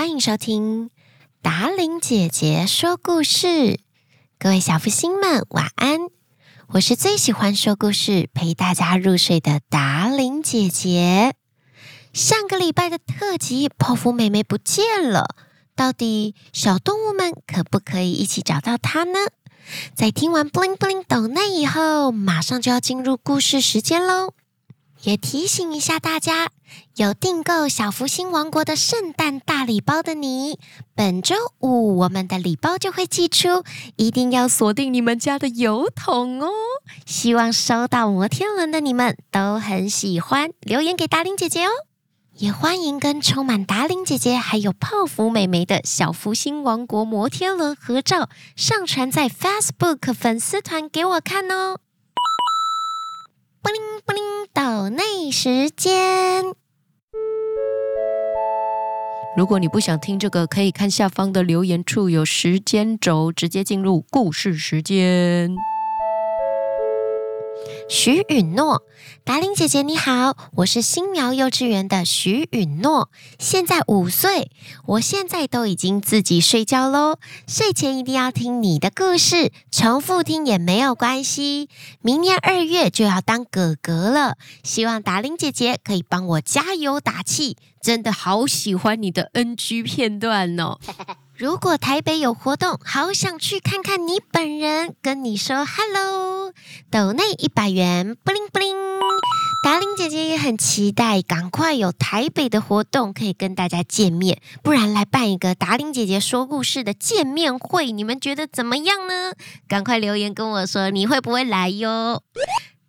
歡迎收聽達伶姐姐說故事，各位小福星們晚安！我是最喜歡說故事陪大家入睡的達伶姐姐。上個禮拜的特輯，泡芙妹妹不見了，到底小動物們可不可以一起找到她呢？在聽完 “bling bling” 抖內以後，馬上就要進入故事時間嘍！也提醒一下大家，有訂購小芙星王國的聖誕大禮包的你，本周五我們的禮包就會寄出，一定要鎖定你們家的郵筒哦。希望收到摩天輪的你們都很喜歡，留言給達伶姐姐哦。也歡迎跟充滿達伶姐姐還有泡芙妹妹的小芙星王國摩天輪合照上傳在 Facebook 粉絲團給我看哦。抖內時間。如果你不想聽這個，可以看下方的留言處有時間軸，直接進入故事時間。徐允諾，達伶姐姐你好，我是新苗幼稚園的徐允諾，現在五歲，我現在都已經自己睡覺嘍，睡前一定要聽你的故事，重複聽也沒有關係。明年二月就要當哥哥了，希望達伶姐姐可以幫我加油打氣，真的好喜歡你的 NG 片段哦。 如果台北有活動，好想去看看你本人，跟你說 Hello，抖內一百元，Bling Bling。達伶姐姐也很期待，趕快有台北的活動可以跟大家見面，不然來辦一個達伶姐姐說故事的見面會，你們覺得怎麼樣呢？趕快留言跟我說，你會不會來喲？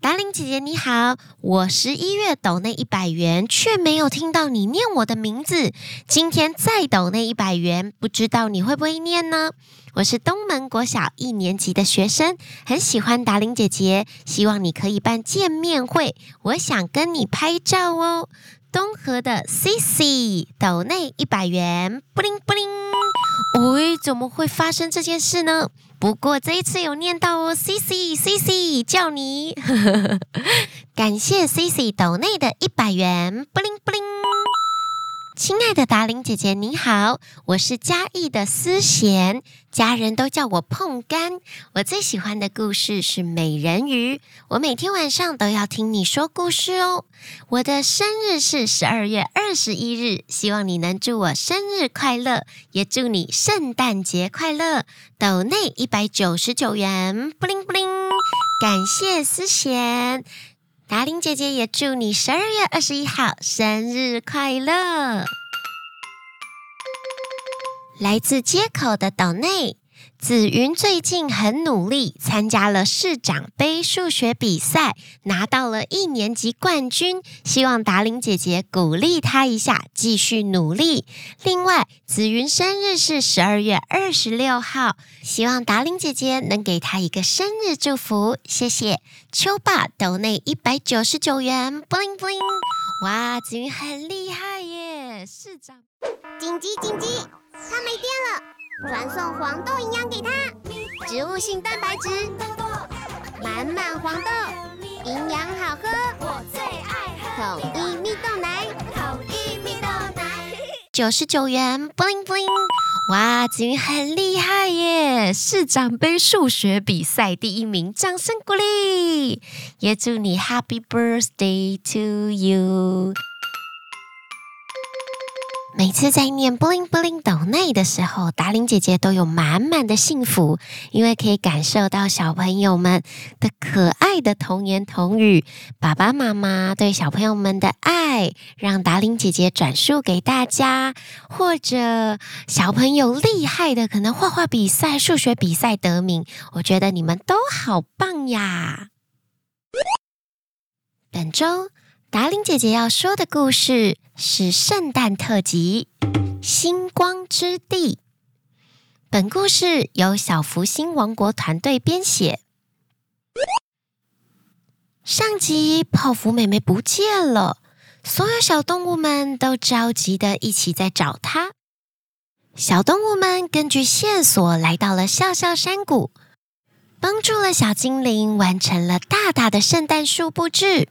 達伶姐姐你好，我十一月抖內一百元，卻沒有聽到你念我的名字。今天再抖內一百元，不知道你會不會念呢？我是東門國小一年級的學生，很喜歡達伶姐姐，希望你可以辦見面會，我想跟你拍照哦。東河的 CC，抖內一百元，Bling Bling。喂、哎，怎麼會發生這件事呢？不過這一次有念到哦，C C C C，叫你，呵呵呵，感謝 C C 抖內的一百元，Bling Bling。親愛的達伶姐姐，你好，我是嘉義的思賢，家人都叫我碰乾。我最喜歡的故事是美人魚，我每天晚上都要聽你說故事哦。我的生日是十二月二十一日，希望你能祝我生日快樂，也祝你聖誕節快樂。抖內一百九十九元，Bling Bling，感謝思賢。達伶姐姐也祝你十二月二十一號生日快樂！來自街口的抖內。紫雲最近很努力，參加了市長盃數學比賽，拿到了一年級冠軍。希望達伶姐姐鼓勵她一下，繼續努力。另外，紫雲生日是十二月二十六號，希望達伶姐姐能給她一個生日祝福。謝謝。丘爸抖內一百九十九元，bling bling 布布。哇，紫雲很厲害耶！市長，緊急緊急，他沒電了。傳送黃豆營養給他，植物性蛋白質，滿滿黃豆，營養好喝。我最愛喝統一蜜豆奶，統一蜜豆奶，九十九元，bling bling。哇，子雲很厲害耶，市長杯數學比賽第一名，掌聲鼓勵。也祝你 Happy Birthday to you。每次在念 “bling bling” 抖內的時候，達伶姐姐都有滿滿的幸福，因為可以感受到小朋友們的可愛的童言童語，爸爸媽媽對小朋友們的愛，讓達伶姐姐轉述給大家，或者小朋友厲害的，可能畫畫比賽、數學比賽得名，我覺得你們都好棒呀！本周。達伶姐姐要說的故事是聖誕特輯《星光之地》。本故事由小芙星王國團隊編寫。上集泡芙妹妹不見了，所有小動物們都着急的一起在找她。小動物們根據線索來到了笑笑山谷，幫助了小精靈，完成了大大的聖誕樹佈置。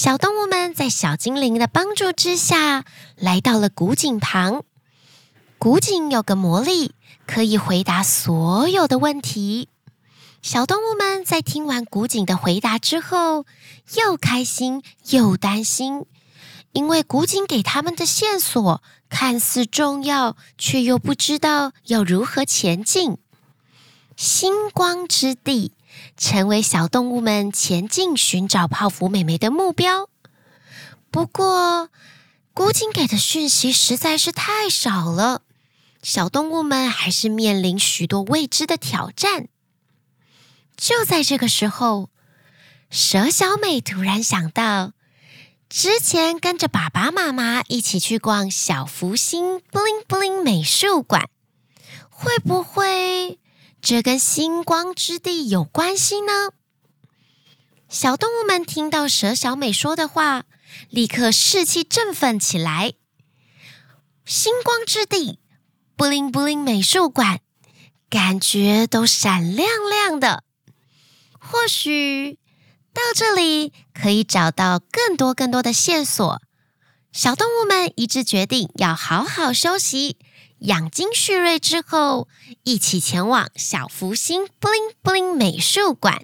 小動物們在小精靈的幫助之下，來到了古井旁。古井有個魔力，可以回答所有的問題。小動物們在聽完古井的回答之後，又開心又擔心，因為古井給他們的線索看似重要，卻又不知道要如何前進。星光之地。成為小動物們前進尋找泡芙妹妹的目標。不過，古井給的訊息實在是太少了，小動物們還是面臨許多未知的挑戰。就在這個時候，蛇小美突然想到，之前跟着爸爸媽媽一起去逛小芙星 Bling Bling 美術館，會不會？這跟星光之地有關係呢？小動物們聽到蛇小美說的話，立刻士氣振奮起來。星光之地，Bling Bling 美術館，感覺都閃亮亮的。或許到這裡可以找到更多更多的線索。小動物們一致決定要好好休息。養精蓄銳之後，一起前往小芙星布靈布靈美術館。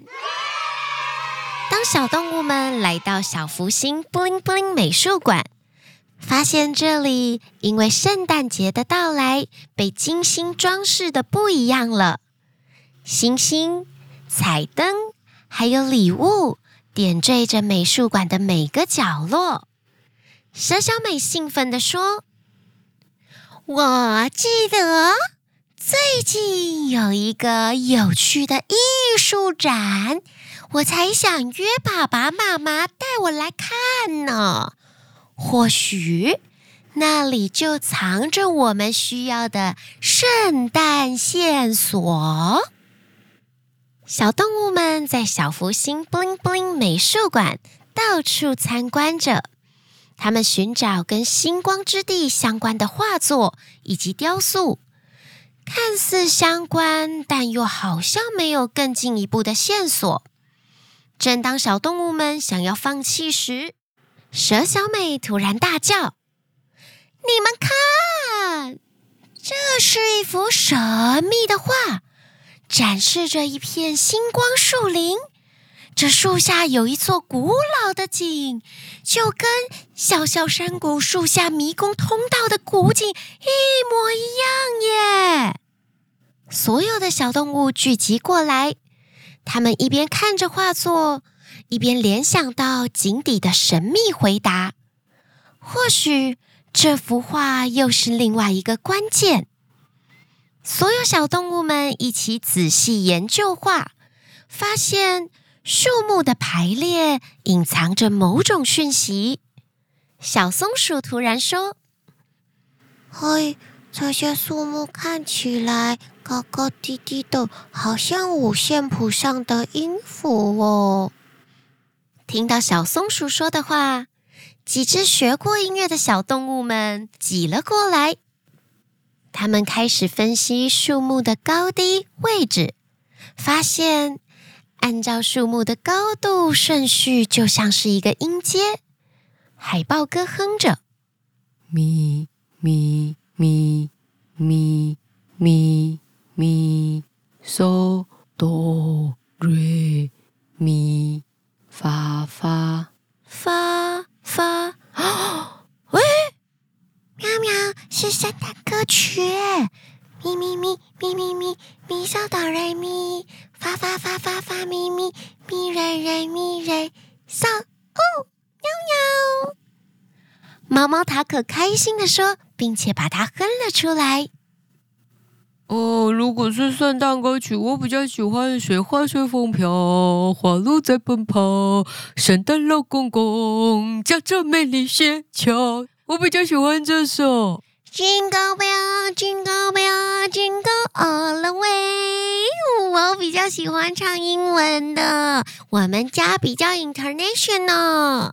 當小動物們來到小芙星布靈布靈美術館，發現這裡因為聖誕節的到來，被精心裝飾得不一樣了。星星、彩燈還有禮物點綴着美術館的每個角落。蛇小美興奮地說。我記得最近有一個有趣的藝術展，我才想約爸爸媽媽帶我來看呢。或許那裡就藏着我們需要的聖誕線索。小動物們在小芙星布靈布靈美術館到處參觀着。他們尋找跟星光之地相關的畫作以及雕塑，看似相關，但又好像沒有更進一步的線索。正當小動物們想要放棄時，蛇小美突然大叫：“你們看，這是一幅神秘的畫，展示着一片星光樹林。”這樹下有一座古老的井，就跟小小山谷樹下迷宮通道的古井一模一樣耶！所有的小動物聚集過來，他們一邊看着畫作，一邊聯想到井底的神秘回答。或許這幅畫又是另外一個關鍵。所有小動物們一起仔細研究畫，發現。樹木的排列隱藏着某種訊息，小松鼠突然說：“嘿，這些樹木看起來高高低低的，好像五線譜上的音符哦！”聽到小松鼠說的話，幾隻學過音樂的小動物們擠了過來，他們開始分析樹木的高低位置，發現。按照樹木的高度順序，就像是一個音階。海豹哥哼着，咪咪咪咪咪咪，嗦哆來咪，發發發發。啊，喂，喵喵，是聖誕歌曲。咪咪咪咪咪咪咪小哆瑞咪發發發發發咪咪咪瑞瑞咪瑞，上哦喵喵！貓貓塔可開心地說，並且把它哼了出來。哦，如果是聖誕歌曲，我比較喜歡《雪花隨風飄》，《花鹿在奔跑》，《聖誕老公公》，《駕著美麗雪橇》，我比較喜歡這首。Jingle bell, jingle bell, jingle all the way。我比較喜歡唱英文的，我們家比較 international。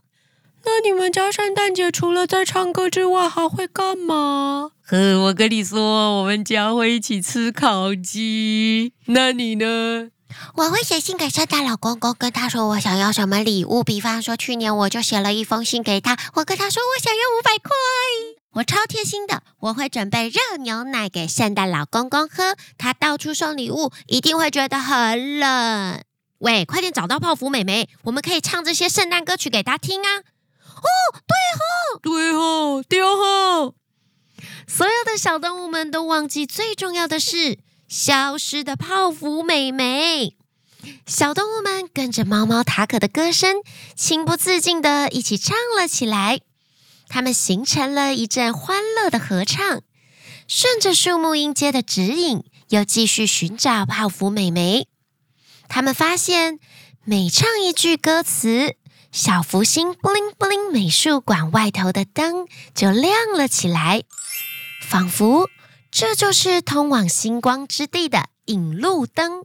那你們家聖誕節除了在唱歌之外，還會幹嘛？呵，我跟你說，我們家會一起吃烤雞。那你呢？我會寫信給聖誕老公公，跟他說我想要什麼禮物。比方說，去年我就寫了一封信給他，我跟他說我想要五百塊。我超貼心的，我會準備熱牛奶給聖誕老公公喝。他到處送禮物，一定會覺得很冷。喂，快點找到泡芙妹妹，我們可以唱這些聖誕歌曲給他聽啊！哦，對哦、哦，對哦、哦，對哦、哦！對哦。所有的小動物們都忘記最重要的是消失的泡芙妹妹。小動物們跟着貓貓塔可的歌聲，情不自禁的一起唱了起來。他們形成了一陣歡樂的合唱，順着樹木音階的指引，又繼續尋找泡芙妹妹。他們發現，每唱一句歌詞，小芙星 “bling bling” bling 美術館外頭的燈就亮了起來，仿佛這就是通往星光之地的引路燈。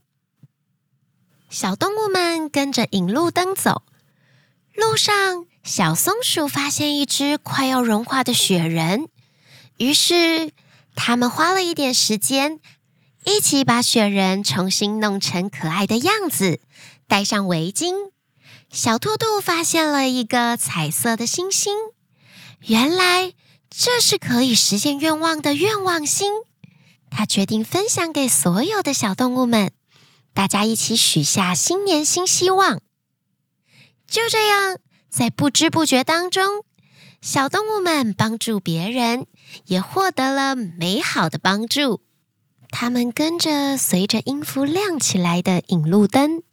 小動物們跟着引路燈走，路上。小松鼠發現一隻快要融化的雪人，於是他們花了一點時間，一起把雪人重新弄成可愛的樣子，戴上圍巾。小兔兔發現了一個彩色的星星，原來這是可以實現願望的願望星。他決定分享給所有的小動物們，大家一起許下新年新希望。就這樣。在不知不覺當中，小動物們幫助別人，也獲得了美好的幫助。他們跟着隨着音符亮起來的引路燈，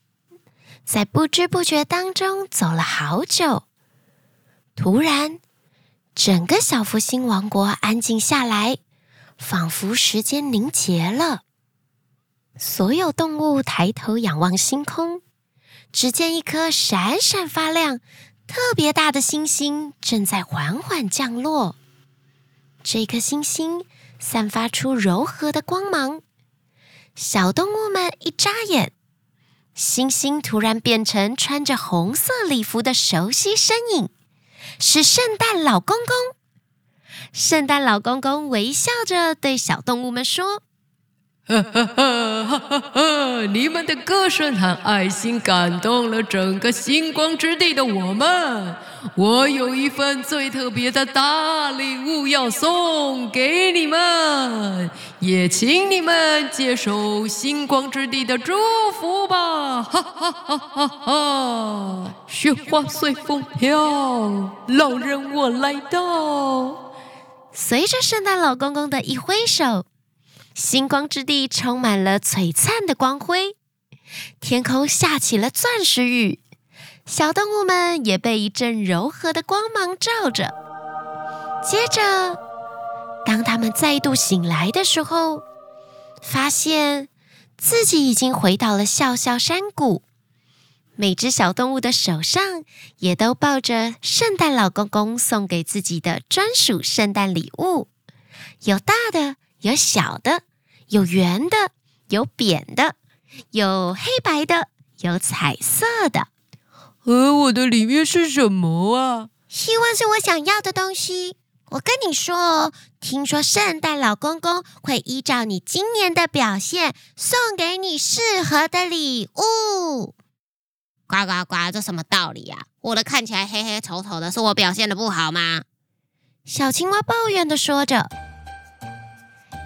在不知不覺當中走了好久。突然，整個小芙星王國安靜下來，仿佛時間凝結了。所有動物抬頭仰望星空，只見一顆閃閃發亮。特別大的星星正在緩緩降落，這顆星星散發出柔和的光芒。小動物們一眨眼，星星突然變成穿着紅色禮服的熟悉身影，是聖誕老公公。聖誕老公公微笑着對小動物們說。哈哈哈！哈哈！你們的歌聲和愛心感動了整個星光之地的我們。我有一份最特別的大禮物要送給你們，也請你們接受星光之地的祝福吧！哈哈哈，哈！哈，雪花隨風飄，老人我來到，隨着聖誕老公公的一揮手。星光之地充滿了璀璨的光輝，天空下起了鑽石雨，小動物們也被一陣柔和的光芒照着。接着，當他們再度醒來的時候，發現自己已經回到了笑笑山谷，每隻小動物的手上也都抱着聖誕老公公送給自己的專屬聖誕禮物，有大的。有小的，有圓的，有扁的，有黑白的，有彩色的。而、呃、我的裡面是什麼啊？希望是我想要的東西。我跟你說哦，聽說聖誕老公公會依照你今年的表現送給你適合的禮物。呱呱呱！這什麼道理啊？我的看起來黑黑醜醜的，是我表現的不好嗎？小青蛙抱怨的說着。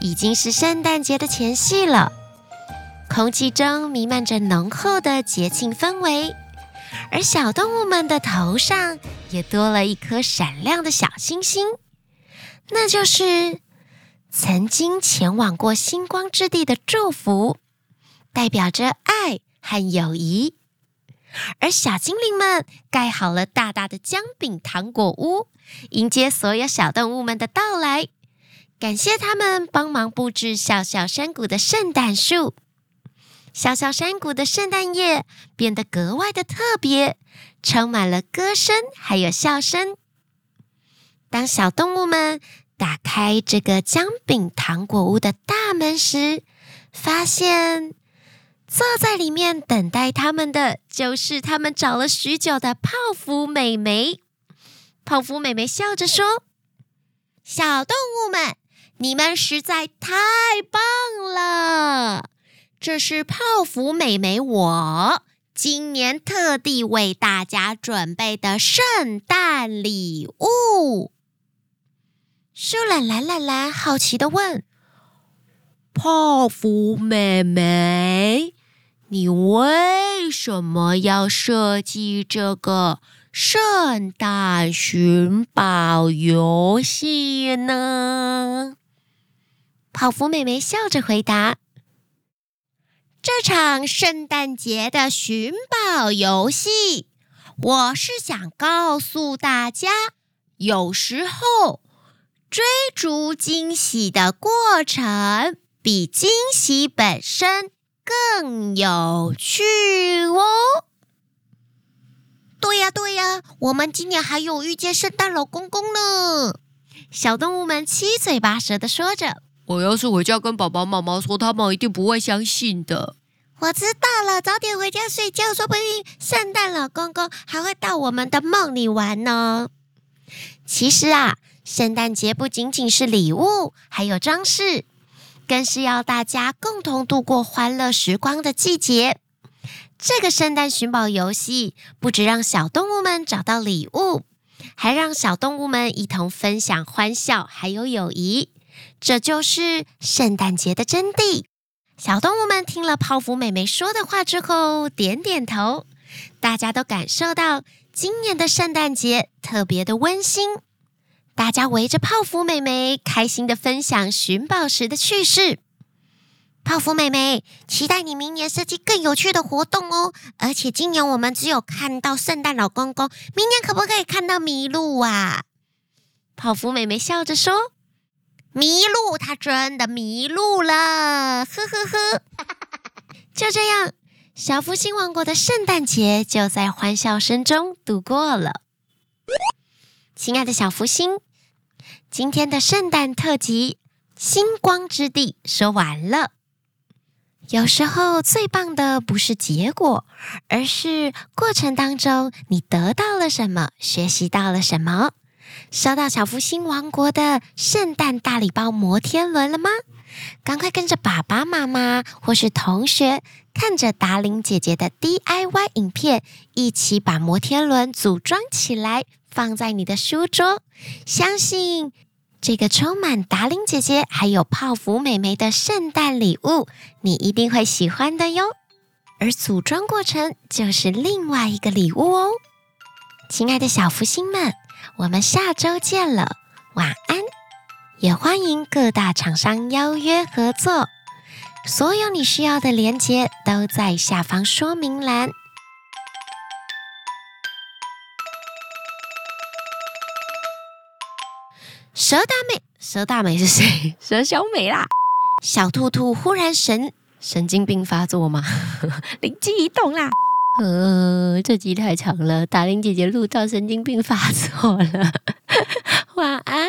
已經是聖誕節的前夕了，空氣中瀰漫着濃厚的節慶氛圍，而小動物們的頭上也多了一顆閃亮的小星星，那就是曾經前往過星光之地的祝福，代表着愛和友誼。而小精靈們蓋好了大大的薑餅糖果屋，迎接所有小動物們的到來。感謝他們幫忙布置小小山谷的聖誕樹。小小山谷的聖誕夜變得格外的特別，充滿了歌聲還有笑聲。當小動物們打開這個薑餅糖果屋的大門時，發現坐在裡面等待他們的就是他們找了許久的泡芙妹妹，泡芙妹妹笑着說：“小動物們。”你們實在太棒了！這是泡芙妹妹我今年特地為大家準備的聖誕禮物。樹懶懶懶懶好奇地問：“泡芙妹妹，你為什麼要設計這個聖誕尋寶遊戲呢？”泡芙妹妹笑着回答：“這場聖誕節的尋寶遊戲，我是想告訴大家，有時候追逐驚喜的過程比驚喜本身更有趣哦。”“對呀，對呀，我們今年還有遇見聖誕老公公呢！”小動物們七嘴八舌的說着。我要是回家跟爸爸媽媽說，他們一定不會相信的。我知道了，早點回家睡覺，說不定聖誕老公公還會到我們的夢裡玩呢，哦。其實啊，聖誕節不僅僅是禮物，還有裝飾，更是要大家共同度過歡樂時光的季節。這個聖誕尋寶遊戲，不止讓小動物們找到禮物，還讓小動物們一同分享歡笑，還有友誼。這就是聖誕節的真諦。小動物們聽了泡芙妹妹說的話之後，點點頭。大家都感受到今年的聖誕節特別的溫馨。大家圍着泡芙妹妹，開心的分享尋寶時的趣事。泡芙妹妹，期待你明年設計更有趣的活動哦！而且今年我們只有看到聖誕老公公，明年可不可以看到麋鹿啊？泡芙妹妹笑着說。迷路，他真的迷路了，呵呵呵， 就這樣，小芙星王國的聖誕節就在歡笑聲中度過了。親愛的小芙星，今天的聖誕特輯《星光之地》說完了。有時候最棒的不是結果，而是過程當中你得到了什麼，學習到了什麼。收到小芙星王國的聖誕大禮包摩天輪了嗎？趕快跟着爸爸媽媽或是同學，看着達伶姐姐的 DIY 影片，一起把摩天輪組裝起來，放在你的書桌。相信這個充滿達伶姐姐還有泡芙妹妹的聖誕禮物，你一定會喜歡的喲。而組裝過程就是另外一個禮物哦，親愛的小芙星們。我們下周見了，晚安！也歡迎各大廠商邀約合作，所有你需要的鏈接都在下方說明欄。蛇大美，蛇大美是誰？蛇小美啦！小兔兔忽然神神經病發作嗎？ 靈機一動啦！呃，這集太長了，達伶姐姐錄到神經病發作了， 晚安。